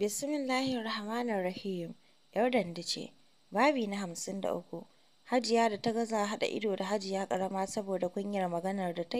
Bismillahirrahmanirrahim. ‘Yar dande ce. Babi na hamsin da uku. Hajiya da ta gaza haɗa ido da Hajiya karama saboda kunyar maganar da ta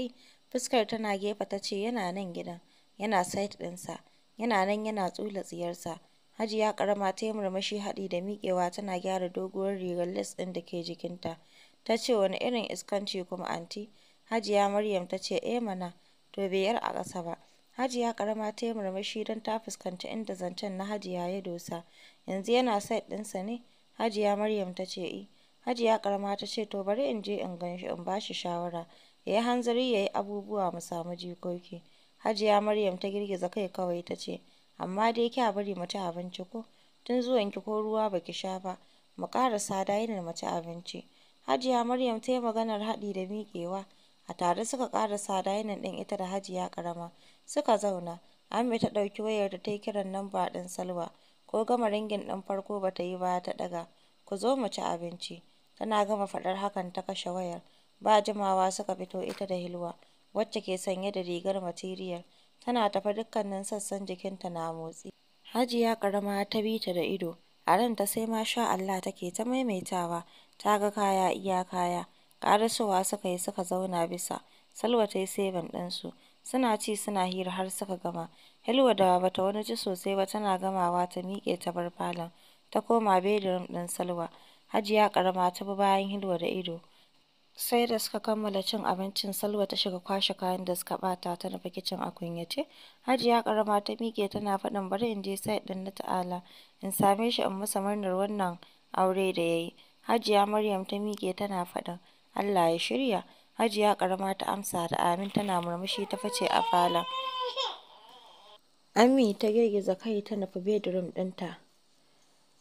fuskar tana gefe ta ce yana nan gidan, yana site ɗinsa, yana nan yana tsula tsiyarsa. Hajiya karama ta yi murmushi haɗi da miƙewa tana gyara doguwar rigar les ɗin da ke jikinta. Ta ce wani irin iskanci kuma anti? Hajiya Maryam ta ce eh mana, to bai yar a ƙasa ba. Hajiya ƙarama ta yi murmushi don ta fuskanci inda zancen na Hajiya ya dosa. Yanzu yana set ɗinsa ne? Hajiya Maryam ta ce, "I." Eh. Hajiya ƙarama ta ce, "To bari in je in ganshi in ba shi shawara, ya yi hanzari ya yi abubuwa mu samu jikoki." Hajiya Maryam ta girgiza kai kawai ta ce, "Amma dai kya bari mu ci abinci ko? Tun zuwanki ko ruwa ba ki sha ba, mu ƙarasa dining mu ci abinci." Hajiya Maryam ta yi maganar haɗi da miƙewa. A tare suka ƙarasa dining ɗin ita da Hajiya ƙarama. Suka zauna, Ami ta ɗauki wayar da ta yi kiran namba ɗin Salwa, ko gama ringin ɗin farko ba ta yi ba ta ɗaga. Ku zo mu ci abinci. Tana gama faɗar hakan ta kashe wayar. Ba jimawa suka fito ita da Hilwa, wacce ke sanye da rigar material Tana tafi dukkanin sassan jikinta na motsi. Hajiya ƙarama ta bi ta da ido. A ran ta sai ma sha Allah take ta maimaitawa, ta ga kaya iya kaya. Ƙarasowa suka yi suka zauna bisa. Salwa ta yi seven ɗinsu. Suna ci suna hira har suka gama. helwa da ba ta wani ci sosai ba tana gamawa ta miƙe ta bar falon, ta koma bedroom ɗin Salwa. Hajiya ƙarama ta bi bayan hilwa da ido. Sai da suka kammala cin abincin Salwa ta shiga kwashe kayan da suka ɓata ta nufi kicin a kunyace. Hajiya ƙarama ta miƙe tana faɗin bari in je sai ɗin na Ta'ala in same shi in masa murnar wannan aure da ya yi. Hajiya Maryam ta miƙe tana faɗin Allah ya shirya. Hajiya ƙarama ta amsa da amin tana murmushi ta face a falon. Ami ta girgiza kai ta nufi bedroom ɗinta.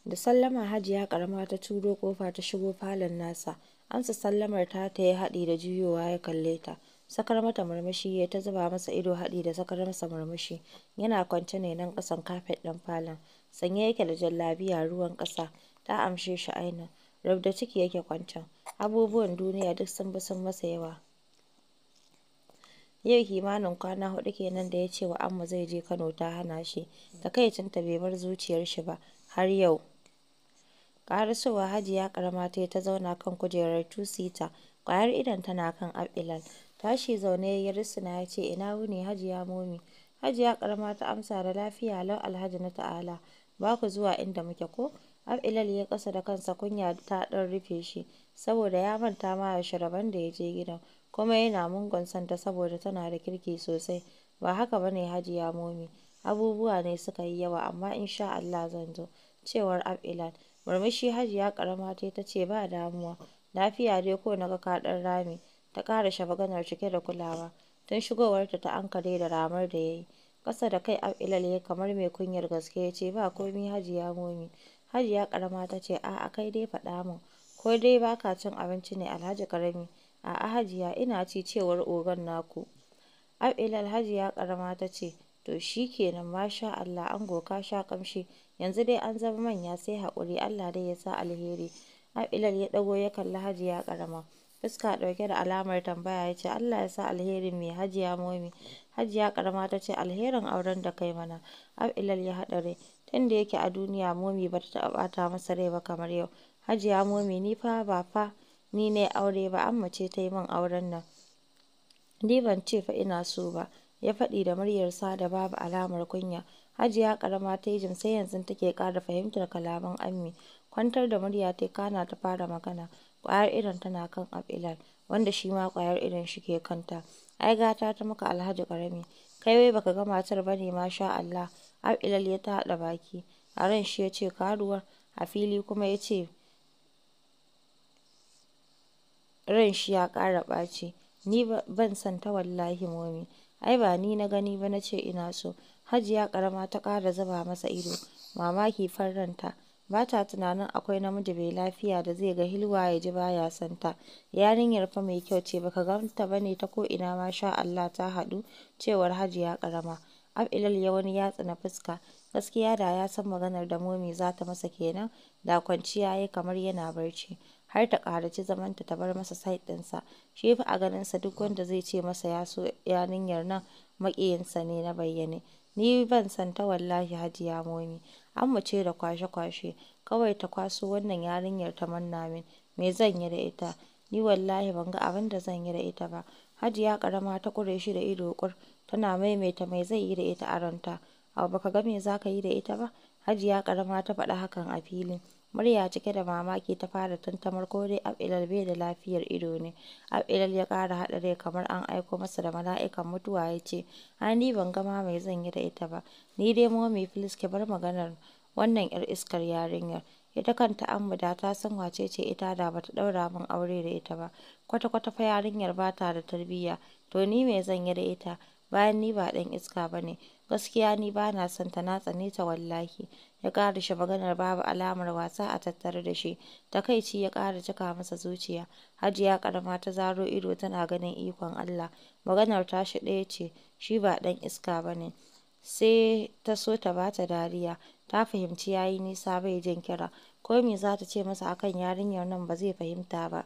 Da sallama Hajiya ƙarama ta turo ƙofa ta shigo falon nasa. Amsa sallamar ta ta yi haɗi da juyowa ya kalle ta. Sakar mata murmushi ya ta zuba masa ido haɗi da sakar masa murmushi. Yana kwance ne nan ƙasan kafet ɗin falon. Sanye yake da jallabiya ruwan ƙasa. Ta amshe shi ainihin. Rabda ciki yake kwancen. abubuwan duniya duk sun bi sun masa yawa. Yau kimanin kwana huɗu kenan da ya ce wa Amma zai je Kano ta hana shi, takaicinta bai bar zuciyar shi ba, har yau. haji Hajiya karama ta yi ta zauna kan kujerar tusita seater ƙwayar idan tana kan abilal Tashi zaune ya yi rusuna ya ce, Ina wuni Hajiya Momi? Hajiya karama ta amsa da lafiya lau Alhaji na ta'ala, ba ku zuwa inda muke ko? har ya kasa da kansa, kunya ta ɗan rufe shi, saboda ya manta ma ya rabon da ya je gidan, kuma yana mungon santa saboda tana da kirki sosai. Ba haka ba ne ya Momi, abubuwa ne suka yi yawa, amma insha Allah zan zo, cewar ab Murmushi Hajiya ya ta ta ce ba damuwa, lafiya dai ko naga ga ka dan rami ta kara shabaganar cike da kulawa. Tun shigowarta ta ankare da ramar da yayi yi. Ƙasa da kai ab ya kamar mai kunyar gaske ya ce ba komi ya Momi, Hajiya ƙarama ta ce, a'a kai dai faɗa min' ko dai ba ka cin abinci ne Alhaji ƙarami? A'a Hajiya ina ci cewar ogan naku. Ab'ilal Hajiya ƙarama ta ce, to shi kenan masha Allah ango ka sha ƙamshi, yanzu dai an zama manya sai haƙuri Allah dai ya sa alheri. Ab'ilal ya ɗago ya kalli Hajiya ƙarama. Fuska ɗauke da alamar tambaya ya ce, Allah ya sa alherin mai Hajiya momi? Hajiya ƙarama ta ce, alherin auren da kai mana. Ab'ilal ya haɗa Tun da yake a duniya Momi ba ta bata ɓata masa rai ba kamar yau. Hajiya Momi ni fa ba fa ni ne aure ba, Amma ce ta yi min auren nan. Ni ban ce fa ina so ba, ya faɗi da muryarsa da babu alamar kunya. Hajiya karama ta yi jim sai yanzu take ƙara fahimtar kalaman Ammi. Kwantar da murya ta kana ta fara magana. Ƙwayar irin tana kan abilan wanda shi ma ƙwayar irin shi ke kanta. Ai gata ta maka Alhaji karami kai wai baka ga matar ba ne masha Allah. Abdullal ya ta haɗa baki, a shi ya ce karuwar, a fili kuma ya ce shi ya ƙara ɓaci. Ni ban san ta wallahi momi, ai ba ni na gani ba nace ina so. Hajiya karama ta kara zuba masa ido, mamaki farranta Ba ta tunanin akwai namiji bai lafiya da zai ga Hilwa ya ji baya santa son ta. Yarinyar fa mai kyau ce, ba ka ganta ba ne ta ma sha Allah ta haɗu, cewar Hajiya karama. har ya wani na fuska, gaskiya da ya san maganar da Momi za ta masa kenan, da kwanciya ya kamar yana barci, har ta ƙaraci zamanta ta bar masa side ɗinsa, shi fa a ganinsa duk wanda zai ce masa ya so yarinyar nan maƙiyinsa ne na bayyane. Ni ban san ta wallahi Hajiya Momi, amma ce da kwashe-kwashe, kawai ta kwaso wannan yarinyar ta manna min, me zan yi da ita? Ni wallahi ban ga abin da zan yi da ita ba. Hajiya karama ta kure shi da ido ƙur. tana maimaita mai zai yi da ita a ta. Abu ba ka ga me za ka yi da ita ba? Hajiya karama ta faɗa hakan a fili. Murya cike da mamaki ta fara tantamar ko dai Ab'ilal bai da lafiyar ido ne. Ab'ilal ya ƙara haɗa rai kamar an aiko masa da mala'ikan mutuwa ya ce, "Ai, ni ban gama mai zan yi da ita ba, ni dai momi filis ke bar maganar wannan 'yar iskar yarinyar." Ita kanta da ta san wace ce ita da bata ɗaura min aure da ita ba. Kwata-kwata fa yarinyar ba ta da tarbiyya, to ni me zan yi da ita? bayan ni ba ɗan iska ba ne, gaskiya ni ba na son ta na tsane ta wallahi. Ya shi maganar babu alamar wasa a tattare da shi, takaici ya ƙara cika masa zuciya. Hajiya karama ta zaro ido tana ganin ikon Allah, maganar tashi ɗaya ce, shi ba ɗan iska ba ne. Sai ta so ta ba ta dariya, ta fahimci yayi nisa bai jin kira, ko me za ta ce masa akan yarinyar nan ba zai fahimta ba.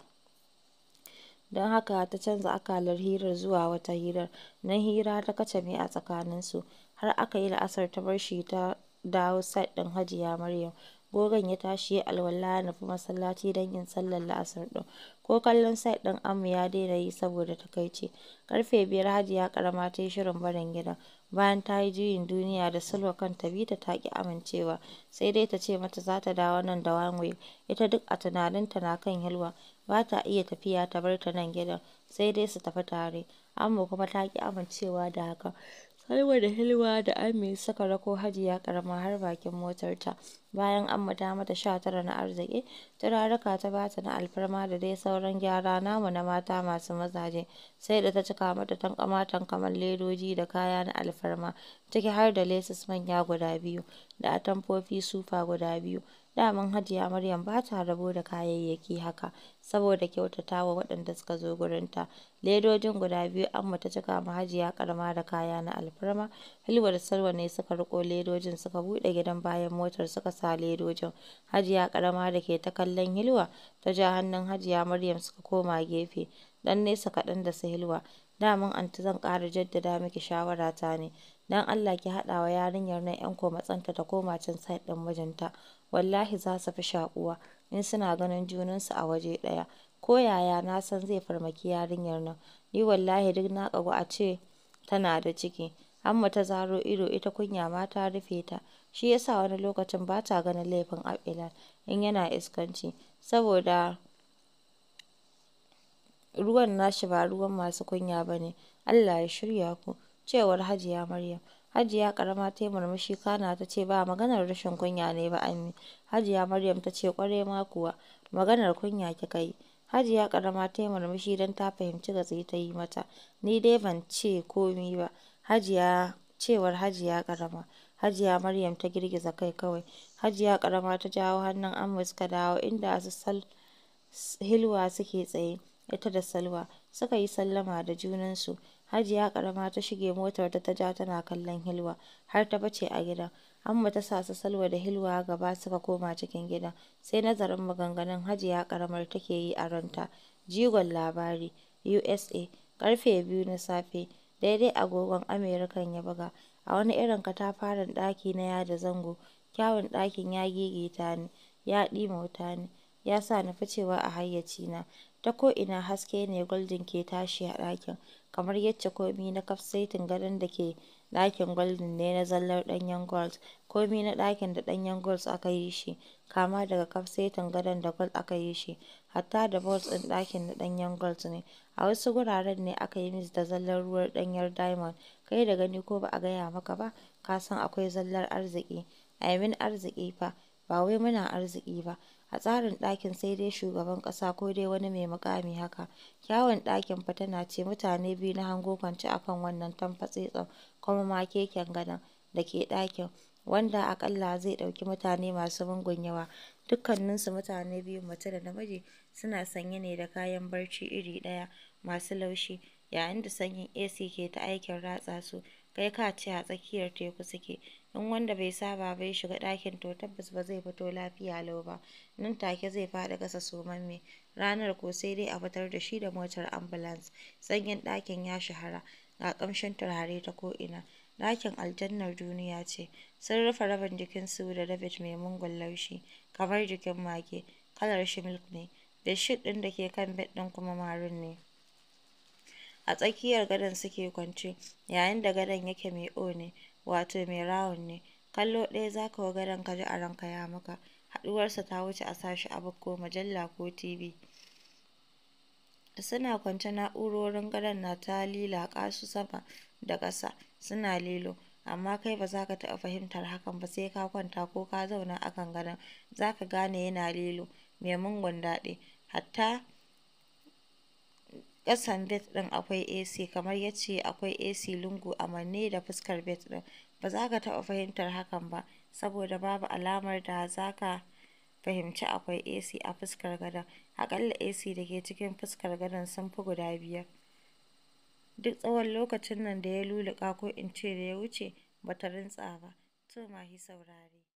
Don haka ta canza akalar hirar zuwa wata hirar, na hira ta kacame a tsakaninsu, har aka yi la'asar ta bar shi ta dawo side ɗin Hajiya Maryam. Gogon ya tashi ya yi alwala ya nufi masallaci don yin sallar la'asar ɗin, ko kallon side ɗin amu ya daina yi saboda takaici. karfe biyar Hajiya ƙarama ta yi shirin barin gidan. Bayan ta yi juyin duniya da Silva kan bi ta ƙi amincewa, sai dai ta ce mata za ta dawo nan da Wanwe ita duk a tunaninta na kan hilwa ba ta iya tafiya ta bar ta nan gidan, sai dai su tafi tare. Ammo kuma ta ƙi amincewa da haka Halwa da hilwa da Ammi suka rako Hajiya ƙarama har bakin motarta, bayan an mata mata sha tara na arziki, turaruka ta ba ta na alfarma da dai sauran gyara namu na mata masu mazaje, sai da ta cika mata tankamatan kamar ledoji da kaya na alfarma, ciki har da lesus manya guda biyu, da atamfofi sufa guda biyu. Daman Hajiya Maryam ba ta rabo da kayayyaki haka, saboda kyautata wa waɗanda suka zo gurinta. Ledojin guda biyu Amma ta cika ma Hajiya karama da kaya na alfarma, Halwa da Salwa ne suka riƙo ledojin suka buɗe gidan bayan motar suka sa ledojin. Hajiya karama da ke ta kallon Hilwa, ta ja hannun Hajiya Maryam suka koma gefe, dan nesa kaɗan da su Hilwa. Daman anty zan ƙara jaddada miki shawarata ne. don Allah ki haɗa wa yarinyar nan ‘yan komatsanta ta koma can side ɗin mijinta, wallahi za su fi shaƙuwa in suna ganin junansu a waje ɗaya, ko yaya na san zai farmaki yarinyar nan, ni wallahi duk na ƙagu a ce tana da ciki. Amma ta zaro ido ita kunya ma ta rufe ta, shi ya sa wani lokacin ba ta ganin laifin Abila in yana iskanci, saboda ruwan nashi ba ruwan masu kunya ba ne, Allah ya shirya ku. cewar Hajiya Maryam. Hajiya ƙarama ta yi murmushi kana ta ce ba maganar rashin kunya ne ba ami. Hajiya Maryam ta ce kware ma kuwa maganar kunya kika yi. Hajiya karama ta yi murmushi don ta fahimci gatse ta yi mata. Ni dai ban ce komi ba. Hajiya cewar Hajiya ƙarama. Hajiya Maryam ta girgiza kai kawai. Hajiya karama ta jawo hannun Amma suka dawo inda su sal Hilwa suke tsaye, ita da Salwa, suka yi sallama da junansu. Hajiya ƙarama ta shige motar ta ja tana kallon Hilwa har ta bace a gidan. Amma ta sa su Salwa da Hilwa gaba suka koma cikin gidan. Sai nazarin maganganun Hajiya ƙaramar take yi a ranta. Jigon labari USA ƙarfe biyu na safe daidai agogon Amerikan ya buga a wani irin katafaren ɗaki na yada zango. Kyawun ɗakin ya gigita ni, ya wuta ni. ya sa ni ficewa a hayyaci na Ta ko ina haske ne Goldin ke tashi a ɗakin, kamar yacce komi na kafsaitin gadon da ke ɗakin Goldin ne na zallar ɗanyen gold. komi na ɗakin da ɗanyen gold aka yi shi, kama daga kafsaitin gadon da gold aka yi shi, hatta da bolts ɗin ɗakin na ɗanyen gold ne. A wasu guraren ne aka yi mis da zallar ruwan ɗanyar diamond, kai da gani ko ba a gaya maka ba, ka san akwai zallar arziki I arziki fa, ba wai muna arziki ba. A tsarin ɗakin sai dai shugaban ƙasa ko dai wani mai mukami haka. Kyawun ɗakin fa tana ce mutane biyu na hango kwance a kan wannan tsan kuma ma keken gadon da ke ɗakin, wanda aƙalla zai ɗauki mutane masu mugun yawa, dukkaninsu mutane biyu mace da namiji suna sanye ne da kayan barci iri ɗaya masu laushi, yayin da sanyin AC ke ta aikin ratsa su. kai ka ce a tsakiyar teku suke in wanda bai saba bai shiga ɗakin to tabbas ba zai fito lafiya lau ba nan take zai faɗi ƙasa somamme ranar ko sai dai a fitar da shi da motar ambulance sanyin ɗakin ya shahara ga ƙamshin turare ta ko'ina ɗakin aljannar duniya ce sun rufe rabin jikin su da david mai mungun laushi kamar jikin mage kalar shi milk ne da shit ɗin da ke kan bed ɗin kuma marun ne a tsakiyar gadon suke kwance yayin da gadon yake mai O ne wato mai rawun ne kallo ɗaya zaka wa gadon kaji a ranka ya maka haɗuwarsa ta wuce a sa a book ko mujalla ko TV suna kwance na'urorin gadon na ta lilaƙa su sama da ƙasa suna lilo amma kai ba za ka taɓa fahimtar hakan ba sai ka kwanta ko ka zauna akan gadon za ka gane yana lilo mai mungon daɗi hatta kasan bet ɗin akwai AC, kamar yace akwai AC lungu a manne da fuskar bet ɗin. Ba za ka taɓa fahimtar hakan ba, saboda babu alamar da za ka fahimci akwai AC a fuskar gadon. Aƙalla AC da ke cikin fuskar gadon sun fi guda biyar. Duk tsawon lokacin nan da ya luluka ko in ce da ya wuce, ba ta rintsa ba. To ma hi saurare.